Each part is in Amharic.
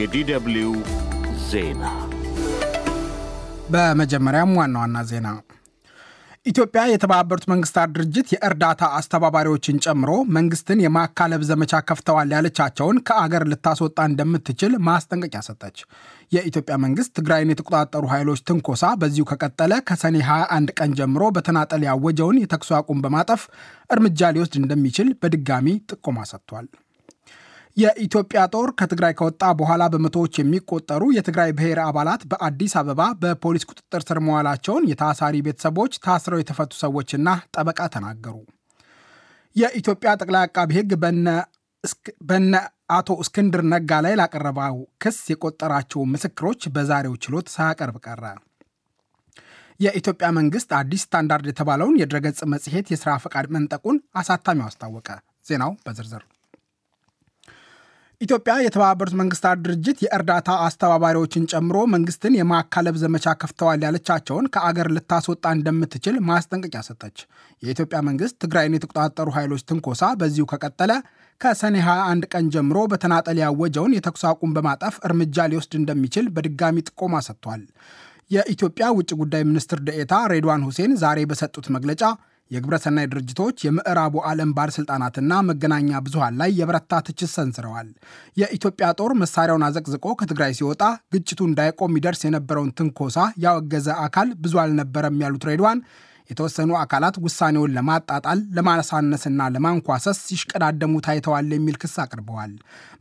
የዲደብልዩ ዜና። በመጀመሪያም ዋና ዋና ዜና ኢትዮጵያ የተባበሩት መንግስታት ድርጅት የእርዳታ አስተባባሪዎችን ጨምሮ መንግስትን የማካለብ ዘመቻ ከፍተዋል ያለቻቸውን ከአገር ልታስወጣ እንደምትችል ማስጠንቀቂያ ሰጠች። የኢትዮጵያ መንግስት ትግራይን የተቆጣጠሩ ኃይሎች ትንኮሳ በዚሁ ከቀጠለ ከሰኔ 21 ቀን ጀምሮ በተናጠል ያወጀውን የተኩስ አቁም በማጠፍ እርምጃ ሊወስድ እንደሚችል በድጋሚ ጥቆማ ሰጥቷል። የኢትዮጵያ ጦር ከትግራይ ከወጣ በኋላ በመቶዎች የሚቆጠሩ የትግራይ ብሔር አባላት በአዲስ አበባ በፖሊስ ቁጥጥር ስር መዋላቸውን የታሳሪ ቤተሰቦች፣ ታስረው የተፈቱ ሰዎችና ጠበቃ ተናገሩ። የኢትዮጵያ ጠቅላይ አቃቢ ሕግ በነ አቶ እስክንድር ነጋ ላይ ላቀረበው ክስ የቆጠራቸው ምስክሮች በዛሬው ችሎት ሳያቀርብ ቀረ። የኢትዮጵያ መንግስት አዲስ ስታንዳርድ የተባለውን የድረገጽ መጽሔት የሥራ ፈቃድ መንጠቁን አሳታሚው አስታወቀ። ዜናው በዝርዝር ኢትዮጵያ የተባበሩት መንግስታት ድርጅት የእርዳታ አስተባባሪዎችን ጨምሮ መንግስትን የማካለብ ዘመቻ ከፍተዋል ያለቻቸውን ከአገር ልታስወጣ እንደምትችል ማስጠንቀቂያ ሰጠች። የኢትዮጵያ መንግስት ትግራይን የተቆጣጠሩ ኃይሎች ትንኮሳ በዚሁ ከቀጠለ ከሰኔ 21 ቀን ጀምሮ በተናጠል ያወጀውን የተኩስ አቁም በማጠፍ እርምጃ ሊወስድ እንደሚችል በድጋሚ ጥቆማ ሰጥቷል። የኢትዮጵያ ውጭ ጉዳይ ሚኒስትር ደኤታ ሬድዋን ሁሴን ዛሬ በሰጡት መግለጫ የግብረሰናይ ድርጅቶች የምዕራቡ ዓለም ባለሥልጣናትና መገናኛ ብዙሃን ላይ የበረታ ትችት ሰንዝረዋል። የኢትዮጵያ ጦር መሳሪያውን አዘቅዝቆ ከትግራይ ሲወጣ ግጭቱ እንዳይቆም ይደርስ የነበረውን ትንኮሳ ያወገዘ አካል ብዙ አልነበረም ያሉት ሬድዋን የተወሰኑ አካላት ውሳኔውን ለማጣጣል ለማነሳነስና ለማንኳሰስ ሲሽቀዳደሙ ታይተዋል የሚል ክስ አቅርበዋል።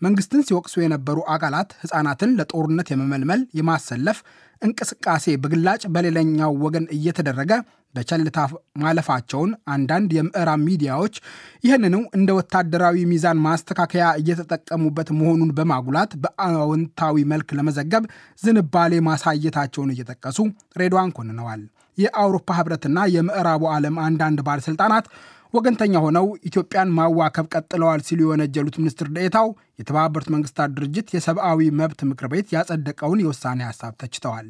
መንግስትን ሲወቅሱ የነበሩ አካላት ሕፃናትን ለጦርነት የመመልመል የማሰለፍ እንቅስቃሴ በግላጭ በሌላኛው ወገን እየተደረገ በቸልታ ማለፋቸውን አንዳንድ የምዕራብ ሚዲያዎች ይህንኑ እንደ ወታደራዊ ሚዛን ማስተካከያ እየተጠቀሙበት መሆኑን በማጉላት በአዎንታዊ መልክ ለመዘገብ ዝንባሌ ማሳየታቸውን እየጠቀሱ ሬድዋን ኮንነዋል። የአውሮፓ ህብረትና የምዕራቡ ዓለም አንዳንድ ባለሥልጣናት ወገንተኛ ሆነው ኢትዮጵያን ማዋከብ ቀጥለዋል ሲሉ የወነጀሉት ሚኒስትር ደኤታው የተባበሩት መንግስታት ድርጅት የሰብአዊ መብት ምክር ቤት ያጸደቀውን የውሳኔ ሀሳብ ተችተዋል።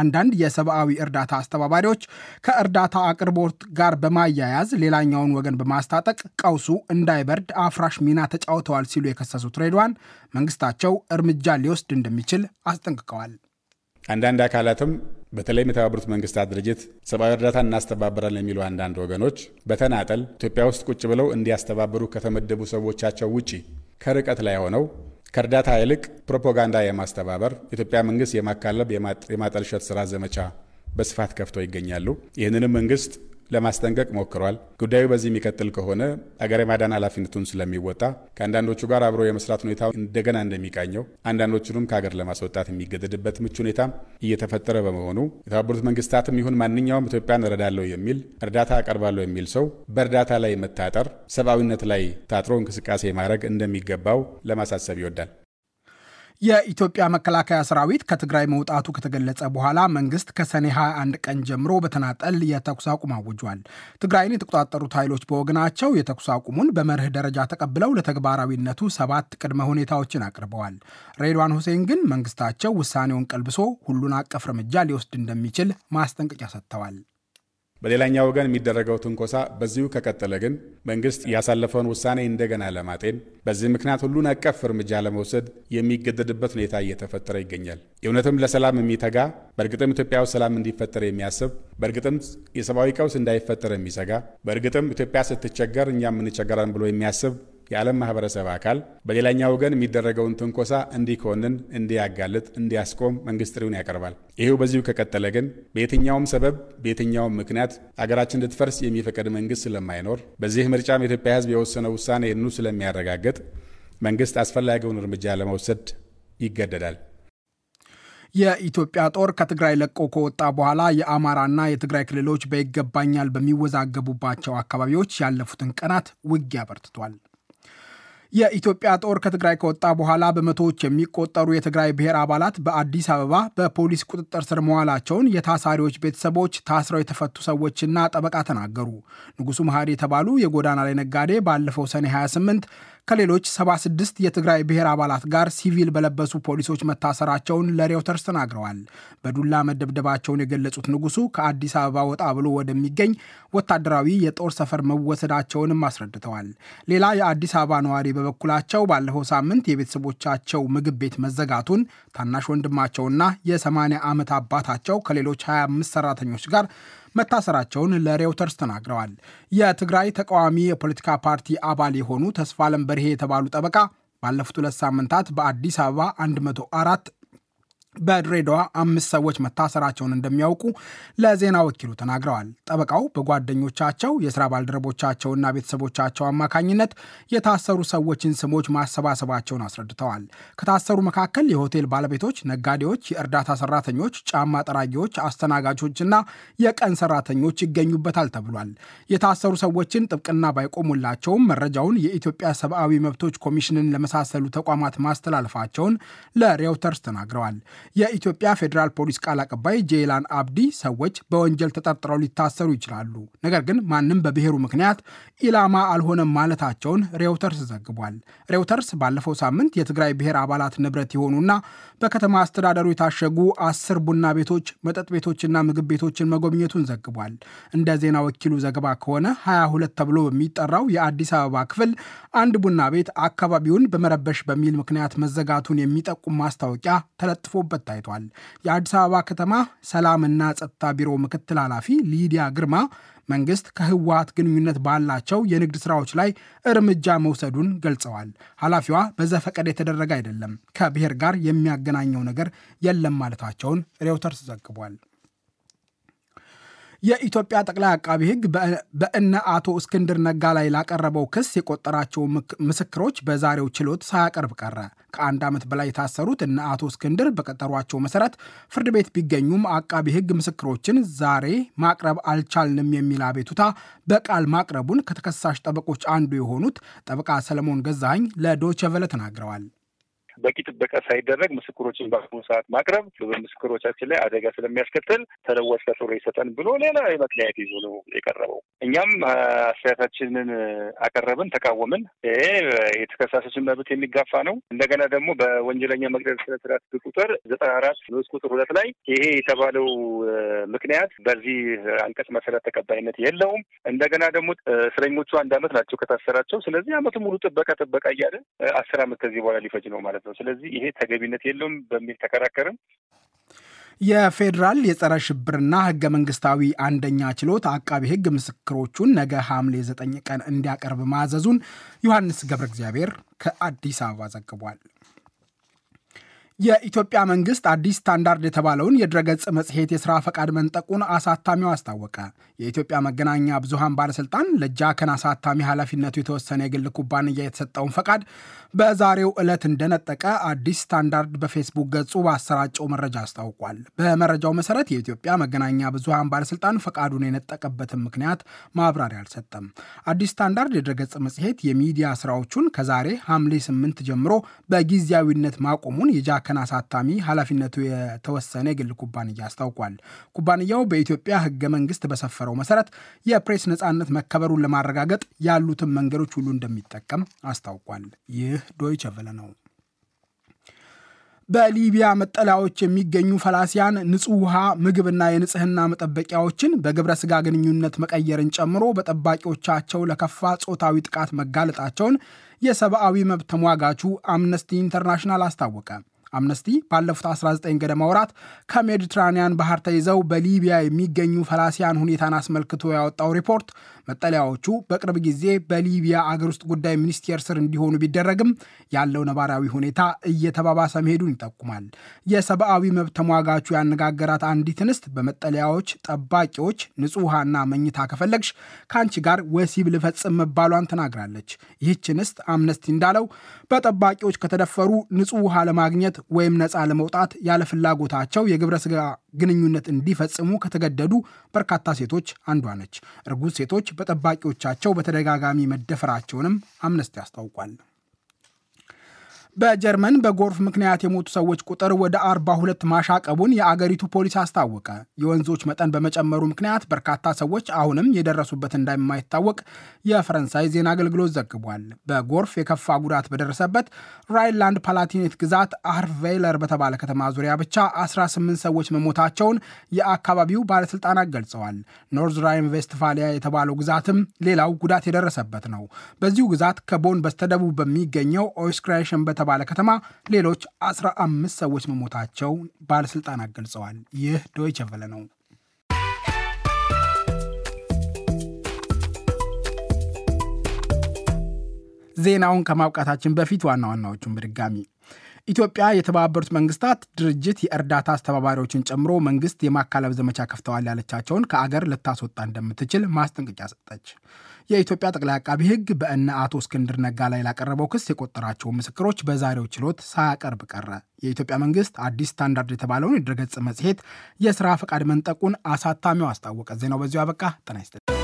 አንዳንድ የሰብአዊ እርዳታ አስተባባሪዎች ከእርዳታ አቅርቦት ጋር በማያያዝ ሌላኛውን ወገን በማስታጠቅ ቀውሱ እንዳይበርድ አፍራሽ ሚና ተጫውተዋል ሲሉ የከሰሱት ሬድዋን መንግስታቸው እርምጃ ሊወስድ እንደሚችል አስጠንቅቀዋል። አንዳንድ አካላትም በተለይም የተባበሩት መንግስታት ድርጅት ሰብአዊ እርዳታ እናስተባበራለን የሚሉ አንዳንድ ወገኖች በተናጠል ኢትዮጵያ ውስጥ ቁጭ ብለው እንዲያስተባብሩ ከተመደቡ ሰዎቻቸው ውጪ ከርቀት ላይ ሆነው ከእርዳታ ይልቅ ፕሮፓጋንዳ የማስተባበር ኢትዮጵያ መንግስት የማካለብ የማጠልሸት ስራ ዘመቻ በስፋት ከፍተው ይገኛሉ። ይህንንም መንግስት ለማስጠንቀቅ ሞክሯል። ጉዳዩ በዚህ የሚቀጥል ከሆነ አገር የማዳን ኃላፊነቱን ስለሚወጣ ከአንዳንዶቹ ጋር አብሮ የመስራት ሁኔታ እንደገና እንደሚቃኘው አንዳንዶቹንም ከሀገር ለማስወጣት የሚገደድበት ምቹ ሁኔታ እየተፈጠረ በመሆኑ የተባበሩት መንግስታትም ይሁን ማንኛውም ኢትዮጵያን እረዳለሁ የሚል እርዳታ አቀርባለሁ የሚል ሰው በእርዳታ ላይ መታጠር፣ ሰብአዊነት ላይ ታጥሮ እንቅስቃሴ ማድረግ እንደሚገባው ለማሳሰብ ይወዳል። የኢትዮጵያ መከላከያ ሰራዊት ከትግራይ መውጣቱ ከተገለጸ በኋላ መንግስት ከሰኔ 21 ቀን ጀምሮ በተናጠል የተኩስ አቁም አውጇል። ትግራይን የተቆጣጠሩት ኃይሎች በወገናቸው የተኩስ አቁሙን በመርህ ደረጃ ተቀብለው ለተግባራዊነቱ ሰባት ቅድመ ሁኔታዎችን አቅርበዋል። ሬድዋን ሁሴን ግን መንግስታቸው ውሳኔውን ቀልብሶ ሁሉን አቀፍ እርምጃ ሊወስድ እንደሚችል ማስጠንቀቂያ ሰጥተዋል። በሌላኛው ወገን የሚደረገው ትንኮሳ በዚሁ ከቀጠለ ግን መንግስት ያሳለፈውን ውሳኔ እንደገና ለማጤን በዚህ ምክንያት ሁሉን አቀፍ እርምጃ ለመውሰድ የሚገደድበት ሁኔታ እየተፈጠረ ይገኛል። እውነትም ለሰላም የሚተጋ በእርግጥም ኢትዮጵያ ውስጥ ሰላም እንዲፈጠር የሚያስብ በእርግጥም የሰብአዊ ቀውስ እንዳይፈጠር የሚሰጋ በእርግጥም ኢትዮጵያ ስትቸገር እኛም እንቸገራን ብሎ የሚያስብ የዓለም ማህበረሰብ አካል በሌላኛው ወገን የሚደረገውን ትንኮሳ እንዲኮንን፣ እንዲያጋልጥ፣ እንዲያስቆም መንግስት ጥሪውን ያቀርባል። ይህው በዚሁ ከቀጠለ ግን በየትኛውም ሰበብ በየትኛውም ምክንያት አገራችን እንድትፈርስ የሚፈቀድ መንግስት ስለማይኖር በዚህ ምርጫም የኢትዮጵያ ሕዝብ የወሰነ ውሳኔ ይህንኑ ስለሚያረጋግጥ መንግስት አስፈላጊውን እርምጃ ለመውሰድ ይገደዳል። የኢትዮጵያ ጦር ከትግራይ ለቆ ከወጣ በኋላ የአማራና የትግራይ ክልሎች በይገባኛል በሚወዛገቡባቸው አካባቢዎች ያለፉትን ቀናት ውጊያ በርትቷል። የኢትዮጵያ ጦር ከትግራይ ከወጣ በኋላ በመቶዎች የሚቆጠሩ የትግራይ ብሔር አባላት በአዲስ አበባ በፖሊስ ቁጥጥር ስር መዋላቸውን የታሳሪዎች ቤተሰቦች፣ ታስረው የተፈቱ ሰዎችና ጠበቃ ተናገሩ። ንጉሱ መሀሪ የተባሉ የጎዳና ላይ ነጋዴ ባለፈው ሰኔ 28 ከሌሎች 76 የትግራይ ብሔር አባላት ጋር ሲቪል በለበሱ ፖሊሶች መታሰራቸውን ለሬውተርስ ተናግረዋል። በዱላ መደብደባቸውን የገለጹት ንጉሱ ከአዲስ አበባ ወጣ ብሎ ወደሚገኝ ወታደራዊ የጦር ሰፈር መወሰዳቸውንም አስረድተዋል። ሌላ የአዲስ አበባ ነዋሪ በበኩላቸው ባለፈው ሳምንት የቤተሰቦቻቸው ምግብ ቤት መዘጋቱን ታናሽ ወንድማቸውና የ80 ዓመት አባታቸው ከሌሎች 25 ሰራተኞች ጋር መታሰራቸውን ለሬውተርስ ተናግረዋል። የትግራይ ተቃዋሚ የፖለቲካ ፓርቲ አባል የሆኑ ተስፋ ለንበርሄ በርሄ የተባሉ ጠበቃ ባለፉት ሁለት ሳምንታት በአዲስ አበባ 104 በድሬዳዋ አምስት ሰዎች መታሰራቸውን እንደሚያውቁ ለዜና ወኪሉ ተናግረዋል። ጠበቃው በጓደኞቻቸው የስራ ባልደረቦቻቸውና ቤተሰቦቻቸው አማካኝነት የታሰሩ ሰዎችን ስሞች ማሰባሰባቸውን አስረድተዋል። ከታሰሩ መካከል የሆቴል ባለቤቶች፣ ነጋዴዎች፣ የእርዳታ ሰራተኞች፣ ጫማ ጠራጊዎች፣ አስተናጋጆችና የቀን ሰራተኞች ይገኙበታል ተብሏል። የታሰሩ ሰዎችን ጥብቅና ባይቆሙላቸውም መረጃውን የኢትዮጵያ ሰብአዊ መብቶች ኮሚሽንን ለመሳሰሉ ተቋማት ማስተላለፋቸውን ለሬውተርስ ተናግረዋል። የኢትዮጵያ ፌዴራል ፖሊስ ቃል አቀባይ ጄይላን አብዲ ሰዎች በወንጀል ተጠርጥረው ሊታሰሩ ይችላሉ፣ ነገር ግን ማንም በብሔሩ ምክንያት ኢላማ አልሆነም ማለታቸውን ሬውተርስ ዘግቧል። ሬውተርስ ባለፈው ሳምንት የትግራይ ብሔር አባላት ንብረት የሆኑና በከተማ አስተዳደሩ የታሸጉ አስር ቡና ቤቶች፣ መጠጥ ቤቶችና ምግብ ቤቶችን መጎብኘቱን ዘግቧል። እንደ ዜና ወኪሉ ዘገባ ከሆነ 22 ተብሎ በሚጠራው የአዲስ አበባ ክፍል አንድ ቡና ቤት አካባቢውን በመረበሽ በሚል ምክንያት መዘጋቱን የሚጠቁም ማስታወቂያ ተለጥፎ ሲሰሩበት ታይቷል። የአዲስ አበባ ከተማ ሰላምና ጸጥታ ቢሮ ምክትል ኃላፊ ሊዲያ ግርማ መንግስት ከህወሀት ግንኙነት ባላቸው የንግድ ስራዎች ላይ እርምጃ መውሰዱን ገልጸዋል። ኃላፊዋ በዘፈቀደ የተደረገ አይደለም፣ ከብሔር ጋር የሚያገናኘው ነገር የለም ማለታቸውን ሬውተርስ ዘግቧል። የኢትዮጵያ ጠቅላይ አቃቢ ሕግ በእነ አቶ እስክንድር ነጋ ላይ ላቀረበው ክስ የቆጠራቸው ምስክሮች በዛሬው ችሎት ሳያቀርብ ቀረ። ከአንድ ዓመት በላይ የታሰሩት እነ አቶ እስክንድር በቀጠሯቸው መሰረት ፍርድ ቤት ቢገኙም አቃቢ ሕግ ምስክሮችን ዛሬ ማቅረብ አልቻልንም የሚል አቤቱታ በቃል ማቅረቡን ከተከሳሽ ጠበቆች አንዱ የሆኑት ጠበቃ ሰለሞን ገዛኝ ለዶቸቨለ ተናግረዋል። በቂ ጥበቃ ሳይደረግ ምስክሮችን በአሁኑ ሰዓት ማቅረብ በምስክሮቻችን ላይ አደጋ ስለሚያስከትል ተለወስ ቀጠሮ ይሰጠን ብሎ ሌላ ምክንያት ይዞ ነው የቀረበው። እኛም አስተያየታችንን አቀረብን፣ ተቃወምን። የተከሳሰችን መብት የሚጋፋ ነው። እንደገና ደግሞ በወንጀለኛ መቅደር ስነስርዓት ቁጥር ዘጠና አራት ንዑስ ቁጥር ሁለት ላይ ይሄ የተባለው ምክንያት በዚህ አንቀጽ መሰረት ተቀባይነት የለውም። እንደገና ደግሞ እስረኞቹ አንድ አመት ናቸው ከታሰራቸው። ስለዚህ አመቱ ሙሉ ጥበቃ ጥበቃ እያለ አስር አመት ከዚህ በኋላ ሊፈጅ ነው ማለት ነው። ነው። ስለዚህ ይሄ ተገቢነት የለውም በሚል ተከራከርን። የፌዴራል የጸረ ሽብርና ህገ መንግስታዊ አንደኛ ችሎት አቃቢ ህግ ምስክሮቹን ነገ ሐምሌ ዘጠኝ ቀን እንዲያቀርብ ማዘዙን ዮሐንስ ገብረ እግዚአብሔር ከአዲስ አበባ ዘግቧል። የኢትዮጵያ መንግስት አዲስ ስታንዳርድ የተባለውን የድረገጽ መጽሔት የሥራ ፈቃድ መንጠቁን አሳታሚው አስታወቀ። የኢትዮጵያ መገናኛ ብዙሃን ባለሥልጣን ለጃከን አሳታሚ ኃላፊነቱ የተወሰነ የግል ኩባንያ የተሰጠውን ፈቃድ በዛሬው ዕለት እንደነጠቀ አዲስ ስታንዳርድ በፌስቡክ ገጹ በአሰራጨው መረጃ አስታውቋል። በመረጃው መሠረት የኢትዮጵያ መገናኛ ብዙሃን ባለሥልጣን ፈቃዱን የነጠቀበትን ምክንያት ማብራሪያ አልሰጠም። አዲስ ስታንዳርድ የድረገጽ መጽሔት የሚዲያ ሥራዎቹን ከዛሬ ሐምሌ 8 ጀምሮ በጊዜያዊነት ማቆሙን የጃ ማዕከን አሳታሚ ኃላፊነቱ የተወሰነ የግል ኩባንያ አስታውቋል። ኩባንያው በኢትዮጵያ ህገ መንግስት በሰፈረው መሰረት የፕሬስ ነፃነት መከበሩን ለማረጋገጥ ያሉትን መንገዶች ሁሉ እንደሚጠቀም አስታውቋል። ይህ ዶይቸ ቨለ ነው። በሊቢያ መጠለያዎች የሚገኙ ፈላሲያን ንጹህ ውሃ፣ ምግብና የንጽህና መጠበቂያዎችን በግብረ ስጋ ግንኙነት መቀየርን ጨምሮ በጠባቂዎቻቸው ለከፋ ጾታዊ ጥቃት መጋለጣቸውን የሰብአዊ መብት ተሟጋቹ አምነስቲ ኢንተርናሽናል አስታወቀ። አምነስቲ ባለፉት 19 ገደማ ወራት ከሜዲትራኒያን ባህር ተይዘው በሊቢያ የሚገኙ ፈላሲያን ሁኔታን አስመልክቶ ያወጣው ሪፖርት መጠለያዎቹ በቅርብ ጊዜ በሊቢያ አገር ውስጥ ጉዳይ ሚኒስቴር ስር እንዲሆኑ ቢደረግም ያለው ነባራዊ ሁኔታ እየተባባሰ መሄዱን ይጠቁማል። የሰብአዊ መብት ተሟጋቹ ያነጋገራት አንዲት እንስት በመጠለያዎች ጠባቂዎች ንጹህ ውሃና መኝታ ከፈለግሽ ከአንቺ ጋር ወሲብ ልፈጽም መባሏን ተናግራለች። ይህች እንስት አምነስቲ እንዳለው በጠባቂዎች ከተደፈሩ ንጹህ ውሃ ለማግኘት ወይም ነፃ ለመውጣት ያለ ፍላጎታቸው የግብረ ስጋ ግንኙነት እንዲፈጽሙ ከተገደዱ በርካታ ሴቶች አንዷ ነች። እርጉዝ ሴቶች በጠባቂዎቻቸው በተደጋጋሚ መደፈራቸውንም አምነስቲ አስታውቋል። በጀርመን በጎርፍ ምክንያት የሞቱ ሰዎች ቁጥር ወደ 42 ማሻቀቡን የአገሪቱ ፖሊስ አስታወቀ። የወንዞች መጠን በመጨመሩ ምክንያት በርካታ ሰዎች አሁንም የደረሱበት እንደማይታወቅ የፈረንሳይ ዜና አገልግሎት ዘግቧል። በጎርፍ የከፋ ጉዳት በደረሰበት ራይንላንድ ፓላቲኔት ግዛት አርቬለር በተባለ ከተማ ዙሪያ ብቻ 18 ሰዎች መሞታቸውን የአካባቢው ባለስልጣናት ገልጸዋል። ኖርዝ ራይን ቬስትፋሊያ የተባለው ግዛትም ሌላው ጉዳት የደረሰበት ነው። በዚሁ ግዛት ከቦን በስተደቡብ በሚገኘው ኦይስክራይሽን በተ ከተባለ ከተማ ሌሎች 15 ሰዎች መሞታቸው ባለሥልጣናት ገልጸዋል። ይህ ዶይቸ ቨለ ነው። ዜናውን ከማብቃታችን በፊት ዋና ዋናዎቹን በድጋሚ ኢትዮጵያ የተባበሩት መንግስታት ድርጅት የእርዳታ አስተባባሪዎችን ጨምሮ መንግስት የማካለብ ዘመቻ ከፍተዋል ያለቻቸውን ከአገር ልታስወጣ እንደምትችል ማስጠንቀቂያ ሰጠች። የኢትዮጵያ ጠቅላይ አቃቢ ሕግ በእነ አቶ እስክንድር ነጋ ላይ ላቀረበው ክስ የቆጠራቸው ምስክሮች በዛሬው ችሎት ሳያቀርብ ቀረ። የኢትዮጵያ መንግስት አዲስ ስታንዳርድ የተባለውን የድረገጽ መጽሔት የስራ ፈቃድ መንጠቁን አሳታሚው አስታወቀ። ዜናው በዚሁ አበቃ። ጤና ይስጥልኝ።